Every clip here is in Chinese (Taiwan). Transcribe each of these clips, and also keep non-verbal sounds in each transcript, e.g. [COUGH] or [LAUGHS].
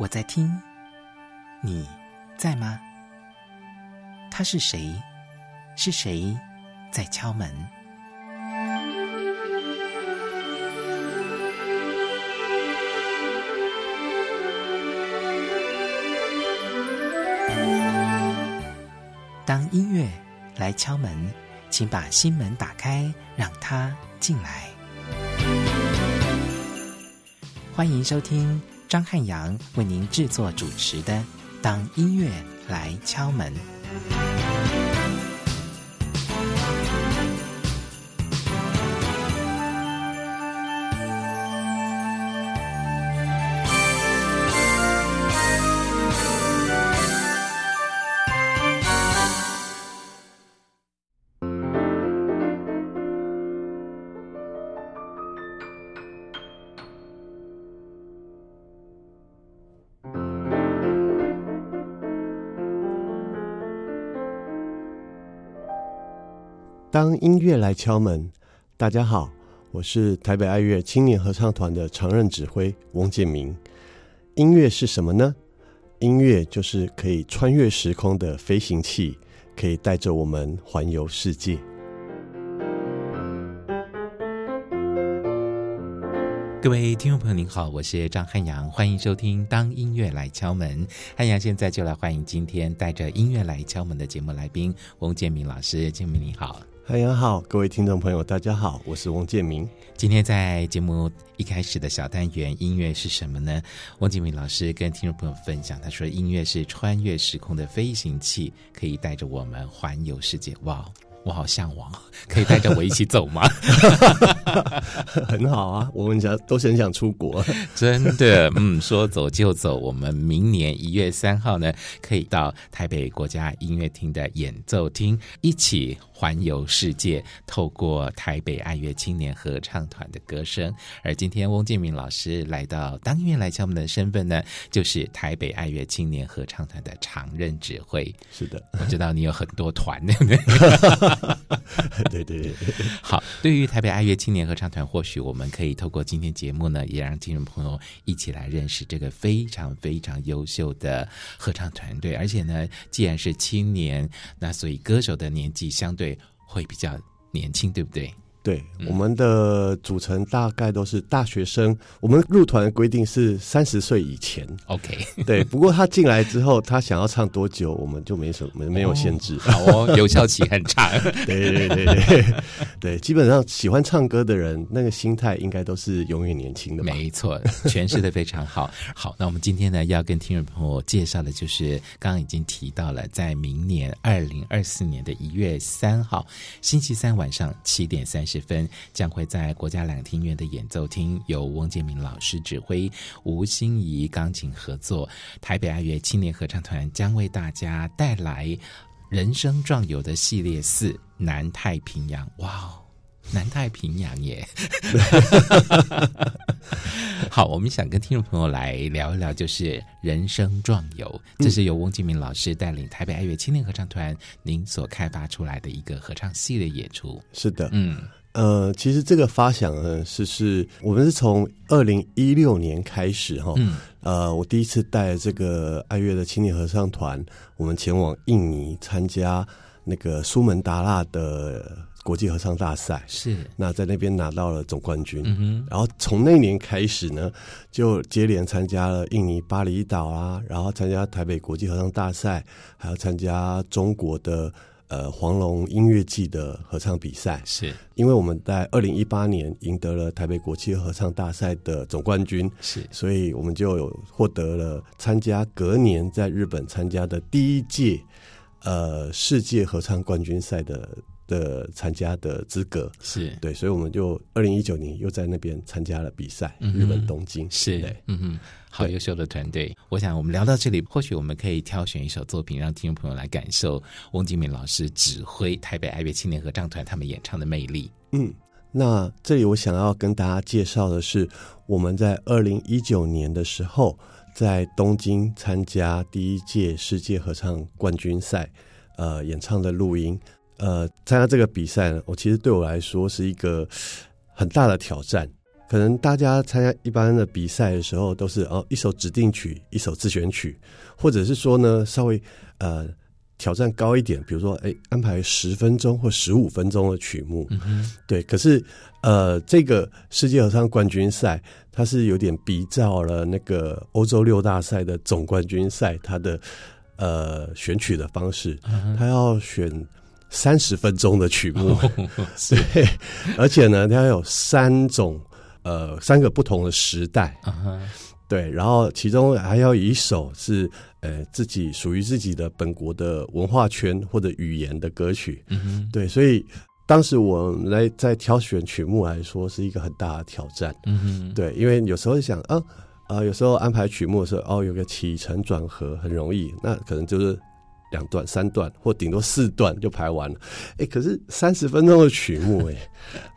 我在聽，你在嗎？他是誰？是誰在敲門？當音樂來敲門，請把心門打開，讓它進來。歡迎收聽。張漢陽為您制作主持的《當音樂來敲門》。當音樂來敲門，大家好，我是台北愛樂青年合唱團的常任指揮翁建民。音樂是什麼呢？音樂就是可以穿越時空的飛行器，可以帶着我們環遊世界。各位聽眾朋友您好，我是張漢陽，歡迎收聽《當音樂來敲門》。漢陽現在就來歡迎今天帶着音樂來敲門的節目來賓翁建民老師，建民你好。大家好，各位聽眾朋友，大家好，我是翁建民。今天在節目一開始的小單元，音樂是什麼呢？翁建民老師跟聽眾朋友分享，他說：“音樂是穿越時空的飛行器，可以帶着我們環遊世界。”哇，我好嚮往，可以帶着我一起走嗎？很好啊，我們家都是很想出國， [LAUGHS] 真的。嗯，說走就走， [LAUGHS] 我們明年一月三號呢，可以到台北國家音樂廳的演奏廳一起。環遊世界，透過台北愛樂青年合唱團的歌聲。而今天，翁建民老師來到當音樂來敲門的身份呢，就是台北愛樂青年合唱團的常任指揮。是的，我知道你有很多團。 [LAUGHS] [LAUGHS] 對對對，好。對於台北愛樂青年合唱團，或許我們可以透過今天節目呢，也讓聽眾朋友一起來認識這個非常非常優秀的合唱團隊。而且呢，既然是青年，那所以歌手的年紀相對。會比較年輕，對不對？對，我們的組成大概都是大學生。嗯、我們入團的規定是三十歲以前。OK， [LAUGHS] 對。不過他進來之後，他想要唱多久，我們就沒什麼、哦、沒有限制。哦， [LAUGHS] 有效期很長。 [LAUGHS] 對對對對對，基本上喜歡唱歌的人，那個心態應該都是永遠年輕的。沒錯，詮釋的非常好。 [LAUGHS] 好，那我們今天呢，要跟聽眾朋友介紹的，就是剛剛已經提到了，在明年二零二四年的一月三號，星期三晚上七點三十。十分將會在國家兩廳院的演奏廳，由翁建民老師指揮，吳欣怡鋼琴合作，台北愛樂青年合唱團將為大家帶來《人聲壯遊》的系列四——南太平洋。哇，南太平洋耶！ [LAUGHS] [LAUGHS] 好，我們想跟聽眾朋友來聊一聊，就是《人聲壯遊》嗯，這是由翁建民老師帶領台北愛樂青年合唱團您所開發出來的一個合唱系列演出。是的，嗯。呃，其實這個發想呢，是是，我們是從二零一六年開始哈，嗯、呃，我第一次帶這個愛樂的青年合唱團，我們前往印尼參加那個蘇門答臘的國際合唱大賽，是，那在那邊拿到了總冠軍，嗯、哼然後從那年開始呢，就接連參加了印尼巴厘島啊，然後參加台北國際合唱大賽，還有參加中國的。呃，黃龍音樂季的合唱比賽，是因為我們在二零一八年贏得了台北國際合唱大賽的總冠軍，是，所以我們就有獲得了參加隔年在日本參加的第一屆呃世界合唱冠軍賽的的參加的資格，是對，所以我們就二零一九年又在那邊參加了比賽，嗯、哼日本東京，是，對嗯嗯。好優秀的團隊，對我想我們聊到這裡，或許我們可以挑選一首作品，讓聽眾朋友來感受翁建民老師指揮台北愛樂青年合唱團他們演唱的魅力。嗯，那這裡我想要跟大家介紹的是，我們在二零一九年的時候，在東京參加第一屆世界合唱冠軍賽，呃，演唱的錄音。呃，參加這個比賽呢，我其實對我來說是一個很大的挑戰。可能大家參加一般的比賽的時候，都是哦一首指定曲，一首自選曲，或者是說呢稍微呃挑戰高一點，比如說哎、欸、安排十分鐘或十五分鐘的曲目，嗯、哼對。可是呃，這個世界合唱冠軍賽，它是有點比照了那個歐洲六大賽的總冠軍賽，它的呃選曲的方式，它要選三十分鐘的曲目，嗯、哼對，而且呢，它有三種。呃，三個不同的時代，uh huh. 對，然後其中還要有一首是呃自己屬於自己的本國的文化圈或者語言的歌曲，uh huh. 對，所以當時我來在挑選曲目來說是一個很大的挑戰，uh huh. 對，因為有時候想啊啊，有時候安排曲目的時候，哦，有個起承轉合很容易，那可能就是。兩段、三段，或頂多四段就排完了。哎、欸，可是三十分鐘的曲目、欸，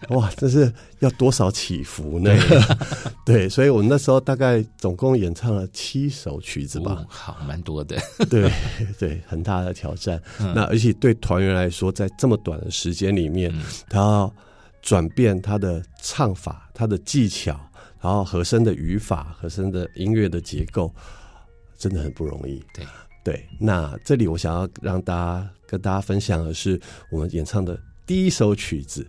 哎，哇，這是要多少起伏呢？ [LAUGHS] 對，所以，我們那時候大概總共演唱了七首曲子吧，哦、好，蠻多的。 [LAUGHS] 對，對，很大的挑戰。嗯、那而且對團員來說，在這麼短的時間裡面，他要轉變他的唱法、他的技巧，然後和聲的語法、和聲的音樂的結構，真的很不容易。對。對，那這裡我想要讓大家跟大家分享的是我們演唱的第一首曲子，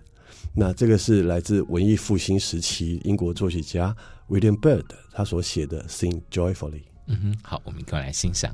那這個是來自文藝復興時期英國作曲家 William Byrd 他所寫的 Sing Joyfully。Joy 嗯哼，好，我們一塊來欣賞。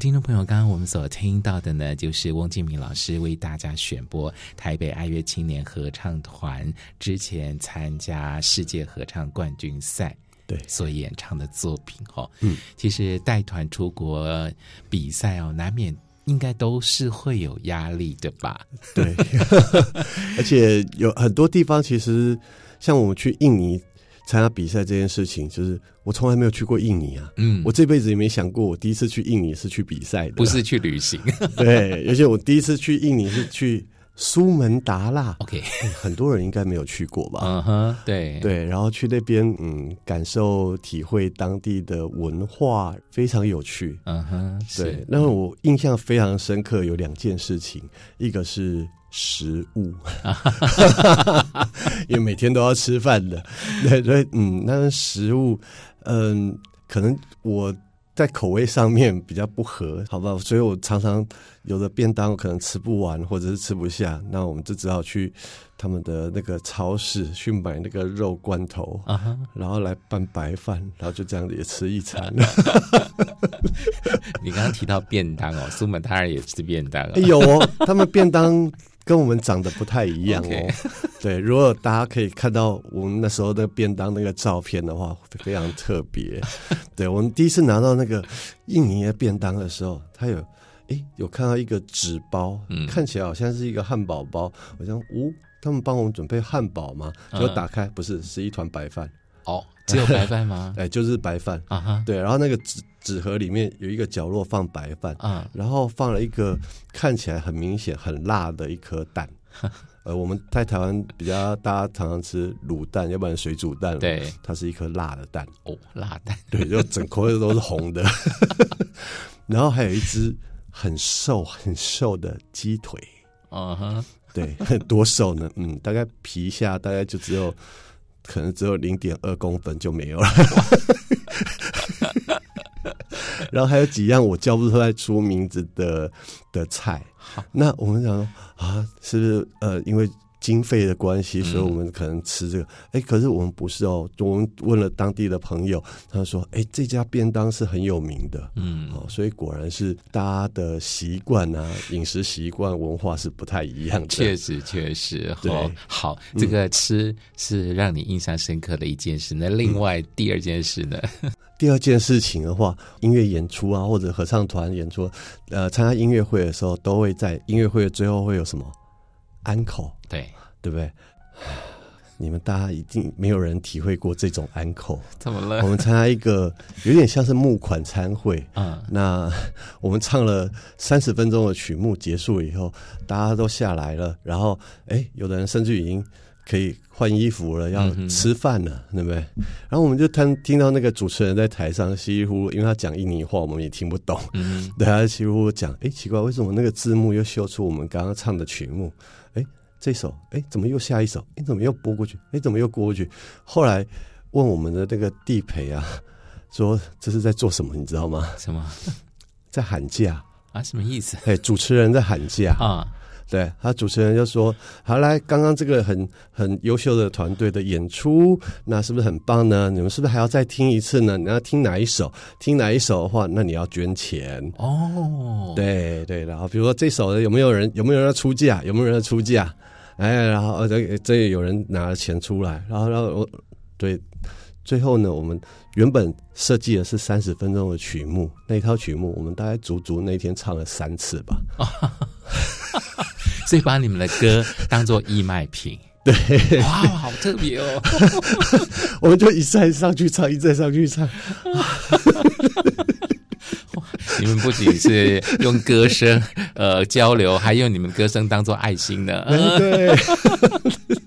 聽眾朋友，剛剛我們所聽到的呢，就是翁建民老師為大家選播台北愛樂青年合唱團之前參加世界合唱冠軍賽，對，所演唱的作品哦，嗯對，其實帶團出國比賽哦，難免應該都是會有壓力的吧？對， [LAUGHS] 而且有很多地方，其實像我們去印尼。參加比賽這件事情，就是我從來沒有去過印尼啊。嗯，我這輩子也沒想過，我第一次去印尼是去比賽的，不是去旅行。 [LAUGHS] 對，而且我第一次去印尼是去蘇門答臘。OK，欸、很多人應該沒有去過吧？嗯哼、uh，huh, 對對，然後去那邊，嗯，感受體會當地的文化，非常有趣。嗯哼、uh，huh, 對。那麼是我印象非常深刻有兩件事情，一個是。食物， [LAUGHS] 因為每天都要吃飯的，對，所以嗯，那個食物，嗯，可能我在口味上面比較不合，好不好，所以我常常有的便當我可能吃不完或者是吃不下，那我們就只好去他們的那個超市去買那個肉罐頭，uh huh. 然後來拌白飯，然後就這樣子也吃一餐。 [LAUGHS] [LAUGHS] 你剛剛提到便當哦，蘇門答臘人也吃便當哦。欸，有哦，他們便當。跟我們長得不太一樣哦，Okay. [LAUGHS] 對。如果大家可以看到我們那時候的便當那個照片的話，非常特別。對，我們第一次拿到那個印尼的便當的時候，他有誒、欸、有看到一個紙包，嗯、看起來好像是一個漢堡包，我想，哦，他們幫我們準備漢堡嗎？就打開、uh huh. 不是，是一團白飯。哦，oh, 只有白飯嗎？哎、 [LAUGHS] 欸，就是白飯啊。Uh huh. 對，然後那個紙。紙盒裡面有一個角落放白飯，啊，然後放了一個看起來很明顯很辣的一顆蛋，呃，我們在台灣比較大家常常吃滷蛋，要不然水煮蛋，對，它是一顆辣的蛋，哦，辣蛋，對，就整顆都都是紅的， [LAUGHS] 然後還有一隻很瘦很瘦的雞腿，啊哈、uh，huh、對，多瘦呢？嗯，大概皮下大概就只有可能只有零點二公分就沒有了。 [LAUGHS] 然後還有幾樣我叫不出來出名字的的菜，好那我們想說啊，是不是呃，因為經費的關係，嗯、所以我們可能吃這個？哎，可是我們不是哦，我們問了當地的朋友，他說，哎，這家便當是很有名的，嗯，好、哦，所以果然是大家的習慣啊，飲食習慣、文化是不太一樣的。確實，確實，好、哦、對好，嗯、這個吃是讓你印象深刻的一件事。那另外第二件事呢？嗯 [LAUGHS] 第二件事情的話，音樂演出啊，或者合唱團演出，呃，參加音樂會的時候，都會在音樂會的最後會有什麼？安可對對不對？你們大家一定沒有人體會過這種安可怎麼了？我們參加一個有點像是募款餐會啊， [LAUGHS] 嗯、那我們唱了三十分鐘的曲目，結束以後，大家都下來了，然後哎、欸，有的人甚至已經。可以換衣服了，要吃飯了，嗯、哼對不對？然後我們就聽聽到那個主持人在台上吸呼，因為他講印尼話，我們也聽不懂。嗯、哼對啊，吸呼講，哎，奇怪，為什麼那個字幕又秀出我們剛剛唱的曲目？哎，這首，哎，怎麼又下一首？哎怎麼又播過去？哎，怎麼又播過去？後來問我們的那個地陪啊，說這是在做什麼？你知道嗎？什麼？ [LAUGHS] 在喊價假啊？什麼意思？哎，主持人在喊價 [LAUGHS] 啊。對他，主持人就說：“好、啊，來，剛剛這個很很優秀的團隊的演出，那是不是很棒呢？你們是不是還要再聽一次呢？你要聽哪一首？聽哪一首的話，那你要捐錢哦。對對，然後比如說這首，有沒有人？有沒有人要出價？有沒有人要出價？哎，然後這這有人拿了錢出來，然後然後我對。”最後呢，我們原本設計的是三十分鐘的曲目，那一套曲目我們大概足足那天唱了三次吧。 [LAUGHS] 所以把你們的歌當做義賣品，對，哇，好特別哦！ [LAUGHS] 我們就一再上去唱，一再上去唱。 [LAUGHS] [LAUGHS] 你們不僅是用歌聲呃交流，還用你們歌聲當做愛心呢。 [LAUGHS] 嗯、對。 [LAUGHS]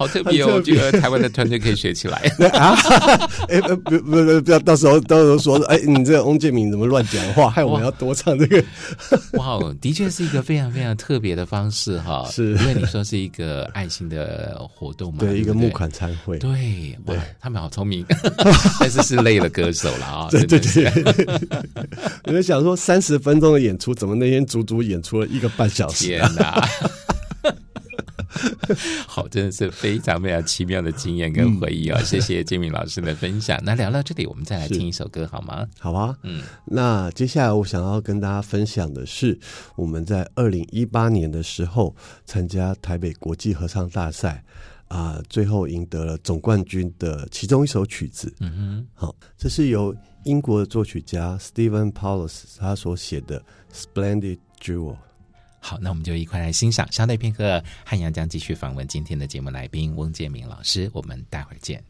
好特別，哦，特別我覺得台灣的團隊可以學起來啊！哎，欸，不不不，不要到時候到時候說，哎，欸，你這個翁建民怎麼亂講話，害我們要多唱這個？哇，的確是一個非常非常特別的方式哈，是，因為你說是一個愛心的活動嘛，對，對，對，對一個募款餐會，對對，他們好聰明，對但是是累了歌手了啊！對對對，對對對，我就想說，三十分鐘的演出，怎麼那天足足演出了一個半小時？啊，天哪，啊！好，真的是非常非常奇妙的經驗跟回憶哦。 [LAUGHS] 謝謝建民老師的分享。 [LAUGHS] 那聊到這裡，我們再來聽一首歌是好嗎？好啊吧，嗯。那接下來我想要跟大家分享的是，我們在二零一八年的時候參加台北國際合唱大賽，啊、呃，最後贏得了總冠軍的其中一首曲子。嗯哼，好，這是由英國的作曲家 Steven Paulus 他所寫的《Splendid Jewel》。好，那我們就一塊來欣賞，稍待片刻，漢陽將繼續訪問今天的節目的來賓翁建民老師，我們待會兒見。